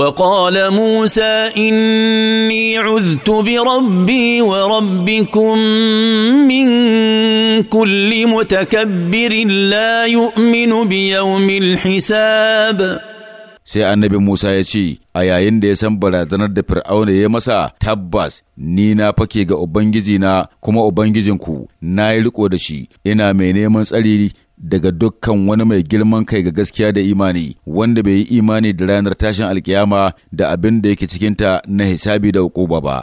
وقال موسى اني عذت بربي وربكم من كل متكبر لا يؤمن بيوم الحساب sai annabi Musa ya ce, A yayin da ya san barazanar da Fir'auna ya masa tabbas, ni na fake ga Ubangiji na kuma Ubangijinku, na yi riko da shi, ina mai neman tsari daga dukkan wani mai girman kai ga gaskiya da imani wanda bai yi imani da ranar tashin alkiyama da abin da yake cikinta na hisabi da hukuma ba